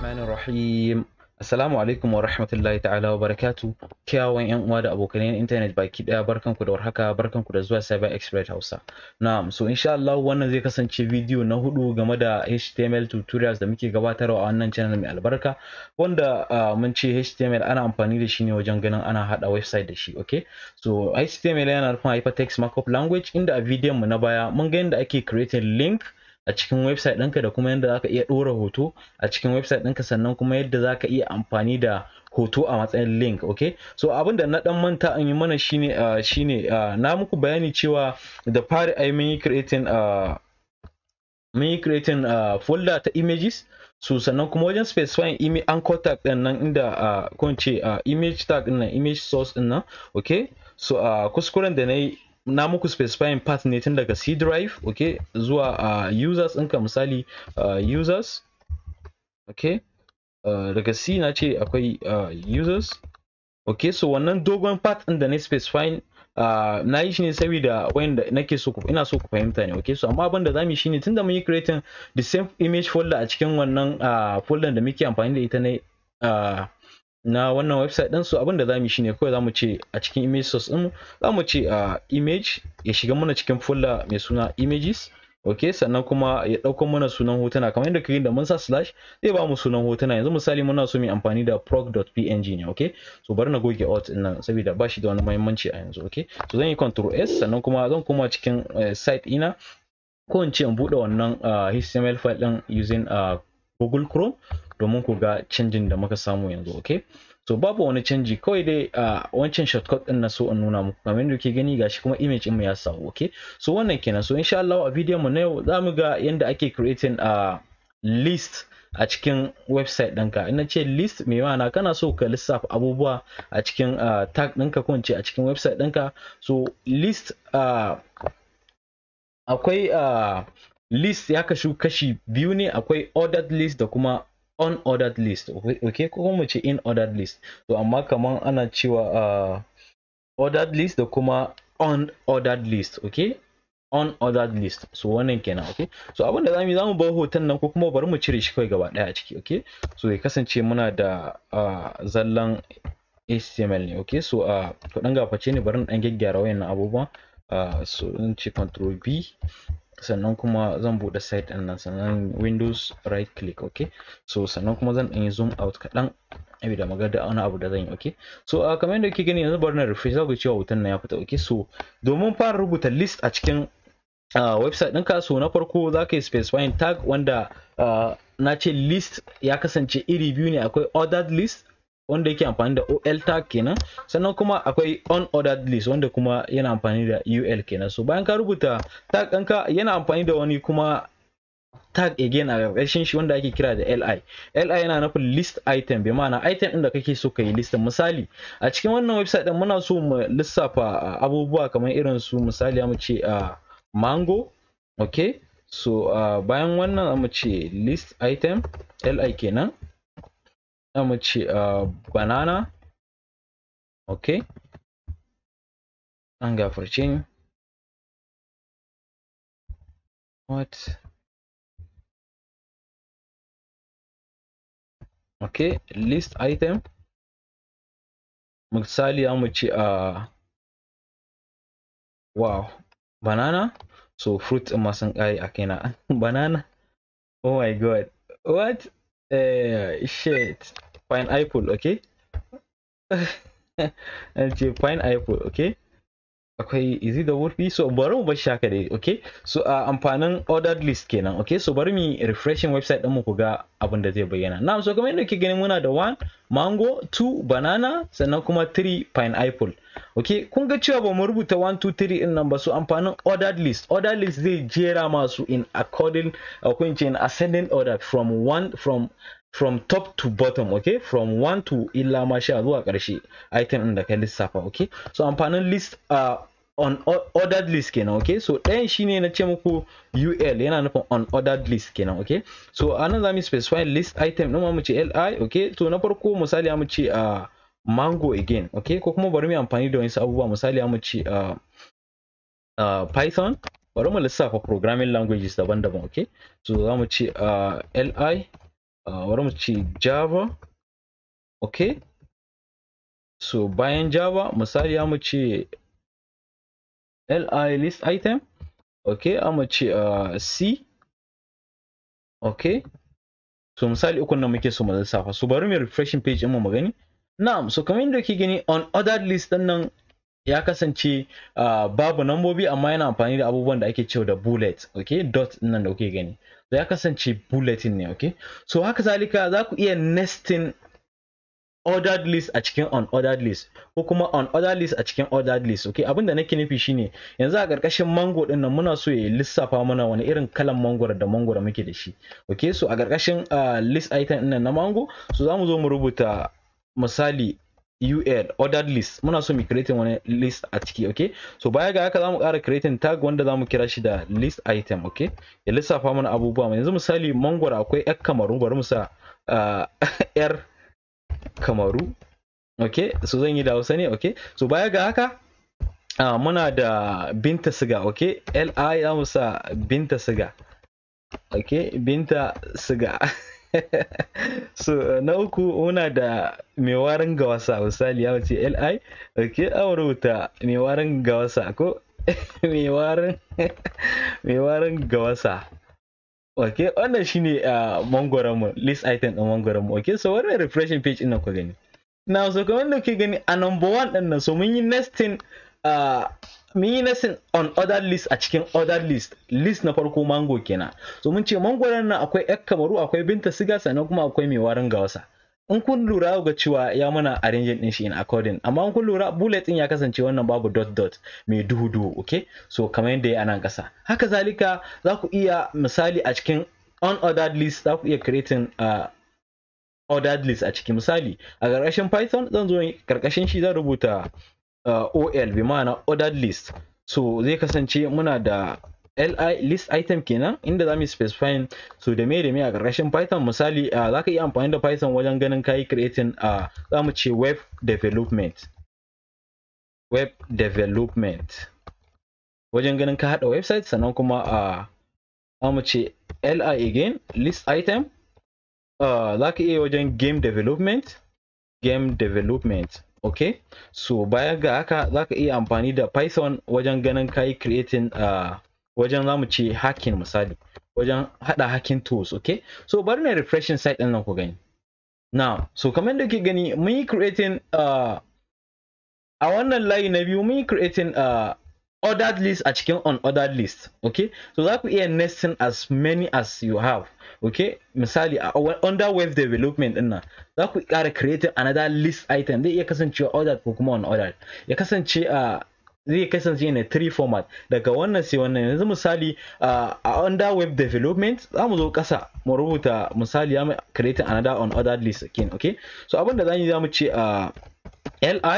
Rahmanir Rahim. Assalamu alaikum wa rahmatullahi ta'ala wa barakatu. Kyawun yan uwa da abokanai na intanet baki daya ku da warhaka barkanku da zuwa Cyber Expert Hausa. Na'am, so insha Allah wannan zai kasance bidiyo na hudu game da HTML tutorials da muke gabatarwa a wannan channel mai albarka wanda mun ce HTML ana amfani da shi ne wajen ganin ana hada website da shi, okay? So HTML yana nufin hypertext markup language inda a bidiyon mu na baya mun ga yadda ake creating link a cikin website ɗinka da kuma yadda zaka iya ɗora hoto a cikin website ɗinka sannan kuma yadda zaka iya amfani da hoto a matsayin link ok so abin da na dan manta an yi mana shine uh, shine na muku bayani cewa da fari ai mun yi creating uh, yi creating folder ta images so sannan kuma wajen specifying image anchor tag din nan inda uh, ko image tag din nan image source din nan ok so uh, kuskuren da na yi na muku specifying path ne tun daga C drive okay zuwa uh, users ɗinka misali uh, users okay uh, daga C na ce akwai uh, users okay so wannan dogon path ɗin da na specifying Uh, na yi shi ne saboda wanda nake so ku ina so ku fahimta ne okay so amma abin da zamu yi shine tunda mun yi creating the same image folder a cikin wannan uh, folder da muke amfani da ita ne uh, na wannan website ɗinsu su abin da zamu shine kawai mu ce a cikin image source za mu ce a image ya shiga mana cikin folder mai suna images ok sannan kuma ya ɗauko mana sunan hotuna kamar yadda kake da mun sa slash zai ba mu sunan hotuna yanzu misali muna so mai amfani da proc.png ne ok so bari na goge out din nan saboda ba shi da wani mahimmanci a yanzu ok so zan yi control s sannan kuma zan koma cikin eh, site ina ko in ce in buɗe wannan html ah, file ɗin. using ah, google chrome domin ku ga canjin da muka samu yanzu okay so babu wani canji kawai dai a wancan shortcut din na so in nuna muku kamar yadda kuke gani gashi kuma image din mu ya samu okay so wannan kenan so insha Allah a bidiyon mu na yau zamu ga yanda ake creating a list a cikin website ɗinka ina ce list mai ma'ana kana so ka lissafa abubuwa a cikin uh, tag ɗinka ko a cikin website ɗinka so list akwai uh, list ya kashu kashi biyu ne akwai ordered list da kuma unordered list okay ko kuma ce in ordered list to amma kaman ana cewa uh, ordered list da kuma unordered list okay unordered list so wannan kenan okay so abin da zamu zamu bar hoton nan ko kuma bari mu cire shi kawai gaba daya a ciki okay so ya kasance muna da uh, zallan html ne okay so uh, to dan face ne bari na dan gaggyara wayannan abubuwan uh, so in ce control b sannan kuma zan buɗe site din nan sannan windows right click okay so sannan kuma zan ɗan zoom out kaɗan da magana wani abu da zan yi okay so a kamar yadda kike gani yanzu bar na refresh zaku ku cewa hoton nan ya fita okay so domin fara rubuta list a cikin uh, website ɗinka so na farko zaka yi specifying tag wanda uh, na ce list ya kasance iri biyu ne akwai ordered list wanda yake amfani da ol tag kenan sannan kuma akwai unordered list wanda kuma yana amfani da ul kenan so bayan ka rubuta tag ɗinka yana amfani da wani kuma tag again a ƙarƙashin shi wanda ake kira da li li yana nufin list item bai ma'ana item ɗin da kake so ka yi list misali a cikin wannan website ɗin muna so mu lissafa abubuwa kamar irin su misali mu ce a mango okay so bayan wannan mu ce list item li kenan za mu ce uh, banana ok an gafarce ni what ok list item misali za mu ce a uh, wow banana so fruit ma kai a kaina banana oh my god what uh, shit pineapple okay and pineapple okay akwai is it the word so bari mu bashi haka dai okay so a amfanin ordered list kenan okay so bari mu refreshing website din mu ku ga abin da zai bayyana na so kamar yadda kike gani muna da 1 mango 2 banana sannan kuma 3 pineapple okay kun ga cewa ba mu rubuta 1 2 3 din nan ba so amfanin ordered list ordered list zai jera masu in according uh, ko in ce in ascending order from 1 from from top to bottom okay from one to illa masha zuwa karshe item din da ka lissafa okay so amfanin list uh, on ordered list kenan okay so ɗayan shine na ce muku ul yana nufin on ordered list kenan okay so anan zamu specify list item din mu ce li okay so na farko misali mu ce a mango again okay ko kuma bari mu amfani da wani abubuwa misali mu ce a python bari mu lissafa programming languages daban-daban okay so zamu ce a li bari mu ce java okay so bayan java misali mu ce li list item okay ama ce uh, c okay so misali uku nan muke so mu lissafa so bari mu refreshing page din mu magani na'am so kamar yadda kike gani on ordered list din nan ya kasance uh, babu nambobi amma yana amfani da abubuwan da ake cewa da bullet okay dot nan da kuke gani so ya kasance bulletin ne okay so haka zalika za ku iya nesting ordered list a cikin unordered list ko kuma unordered list a cikin ordered list okay abin da nake nufi shine yanzu a karkashin mango din nan muna so ya lissafa mana wani irin kalan mangoro da mangoro muke da shi okay so a karkashin uh, ah, list item din nan na mango so zamu zo mu rubuta misali UL ordered list muna so mu create wani list a ciki okay so baya ga haka zamu ƙara creating tag wanda zamu kira shi da list item okay ya lissafa mana abubuwa yanzu misali mangoro akwai yar kamaru bari mu sa uh, kamaru ok so zan yi da hausa ne ok so baya ga haka uh, muna da binta siga ok li za mu sa binta siga ok binta siga so na uku muna da mai warin ga wasa misali ya ce li ok an rubuta mai warin ga wasa ko mai warin ga wasa ok wannan shine a uh, mangoron mu list item din mangoron mu ok so wannan refreshing page ina ku gani na so kamar da kuke gani a number one din nan so mun yi nesting uh, mun yi nesting on other list a cikin other list list na farko mango kena so mun ce mangoron nan akwai yar kamaru akwai binta siga sannan kuma akwai mai warin gawasa in kun lura ga cewa ya mana arranging din shi in according amma in kun lura bullet din ya kasance wannan babu dot dot mai duhu duhu okay so kamar yadda ya anan kasa haka zalika za ku iya misali a cikin unordered list za ku iya creating uh, ordered list a cikin misali a ƙarƙashin python zan zo karkashin shi zan rubuta uh, ol bi ma'ana ordered list so zai kasance muna da li list item kenan inda za mu specifying so da me da me a ƙarƙashin python misali ah, za ka iya amfani da python wajen ganin kayi creating a ah, za mu ce web development web development wajen ganin ka haɗa website sannan kuma a ah, za mu ce li again list item za ka iya wajen game development game development ok so bayan ga haka za ka iya amfani da python wajen ganin ka yi creating uh, wajen zamu ce hacking misali wajen hada hacking tools okay so bari na refreshing site din nan ku gani now so kamar da kuke gani mun yi creating uh, a wannan layi na biyu mun yi creating uh, ordered list a cikin on ordered list okay so za ku iya nesting as many as you have okay misali a under web development din nan za ku ƙara creating another list item zai iya kasancewa ordered ko kuma on ordered ya kasance a uh, zai kasance ne three format daga wannan sai wannan yanzu misali a under web development za mu zo kasa mu rubuta misali ya creating another on other list again okay so abin da zamu za mu ce a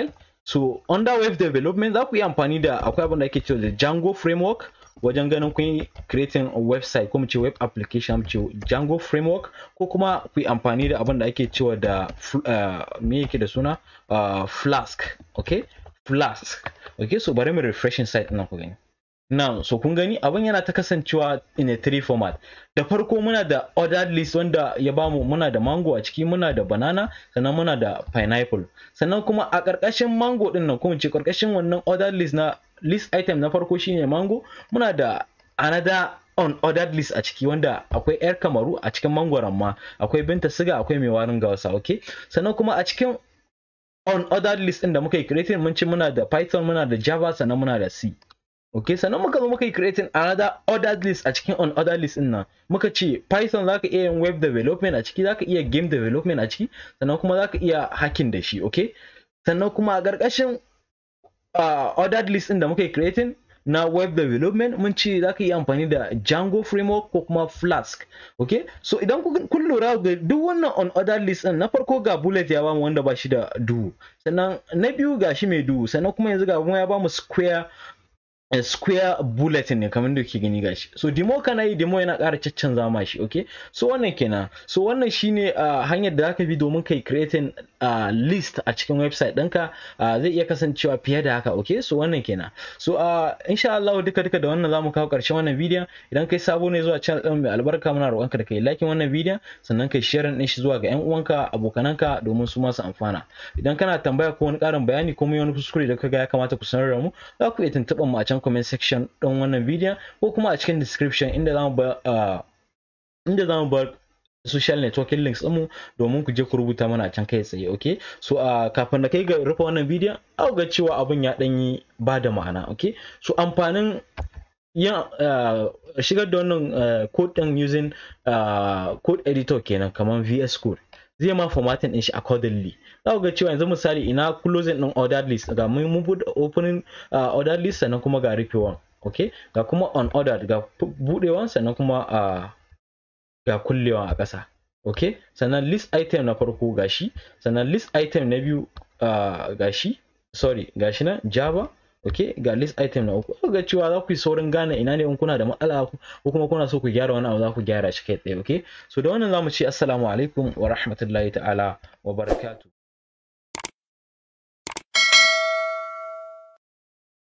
li so under web development za ku yi amfani da akwai abin da ake cewa da django framework wajen ganin kun yi creating website ko ce web application ce Django framework ko kuma ku yi amfani da abin da ake cewa da me yake da suna Flask okay flask okay so bari mu refreshing site na ku gani now so kun gani Abun yana ta kasancewa in a three format da farko muna da ordered list wanda ya bamu muna da mango a ciki muna da banana sannan muna da pineapple sannan kuma a ƙarƙashin mango ɗinnan nan kuma ce ƙarƙashin wannan ordered list na list item na farko shine mango muna da another on ordered list a ciki wanda akwai yar kamaru a cikin mangwaron ma akwai binta siga akwai mai warin gawasa okay sannan kuma a cikin on other list din da muka yi creating mun ci muna da python muna da java sannan muna da c okay sannan muka zo muka yi creating another other list a cikin on other list din nan muka ce python zaka iya yin web development a ciki zaka iya game development a ciki sannan kuma zaka iya hacking da shi okay sannan kuma a ƙarƙashin uh, ordered list din da muka yi creating na web development mun ce za ka yi amfani da Django framework ko kuma Flask. Okay? So idan kun lura ga duk wannan on other list ɗin na farko ga bullet ya bamu wanda ba shi da duhu. Sannan na biyu ga shi mai duhu sannan kuma yanzu ga ya bamu square a square bulletin ne kamar da kuke gani gashi so demo kana yi demo yana ƙara caccan zama shi okay so wannan kenan so wannan shine uh, hanyar da zaka bi domin kai creating uh, list a cikin website ɗinka uh, zai iya kasancewa fiye da haka okay so wannan kenan so uh, insha Allah duka duka da wannan zamu kawo ƙarshen wannan bidiyon idan kai sabo ne zuwa channel ɗin mai albarka muna ka da kai like wannan bidiyon sannan kai share din shi zuwa ga 'yan uwanka abokananka domin su ma su amfana idan kana tambaya ko wani ƙarin bayani ko mai wani kuskure da kaga ya kamata ku sanar da mu za ku iya tuntuɓar mu a can comment section ɗin wannan bidiyon ko kuma a cikin description inda za mu ba inda za mu bar social networking links mu domin ku je ku rubuta mana a can kai tsaye okay so kafin na kai ga rufe wannan bidiyon au ga cewa abin ya yi ba da ma'ana okay so amfanin yin uh, shigar da wannan uh, code din using code editor kenan kamar vs code zai ma formatting din shi accordingly za ku ga cewa yanzu misali ina closing din order list ga mun bude opening ah, order list sannan kuma ga one okay ga kuma on order ga bude one sannan kuma ah, ga kullewa a ƙasa okay sannan list item na farko gashi sannan list item na biyu ah, gashi sorry gashi na java ok ga list item na uku ga cewa za ku yi saurin gane ina ne in kuna da matsala ko kuma kuna so ku gyara wani abu za ku gyara shi kai tsaye ok so da wannan zamu ce assalamu alaikum wa rahmatullahi ta'ala wa barakatuh